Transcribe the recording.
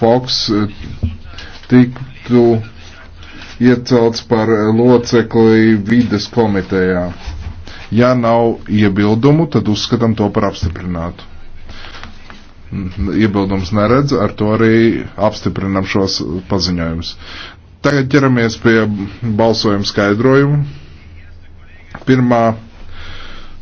Foks eh, tiktu iecelts par locekli vides komitejā. Ja nav iebildumu, tad uzskatām to par apstiprinātu. Mm, iebildums neredz, ar to arī apstiprinam šos paziņojumus. Tagad ķeramies pie balsojuma skaidrojumu. Pirmā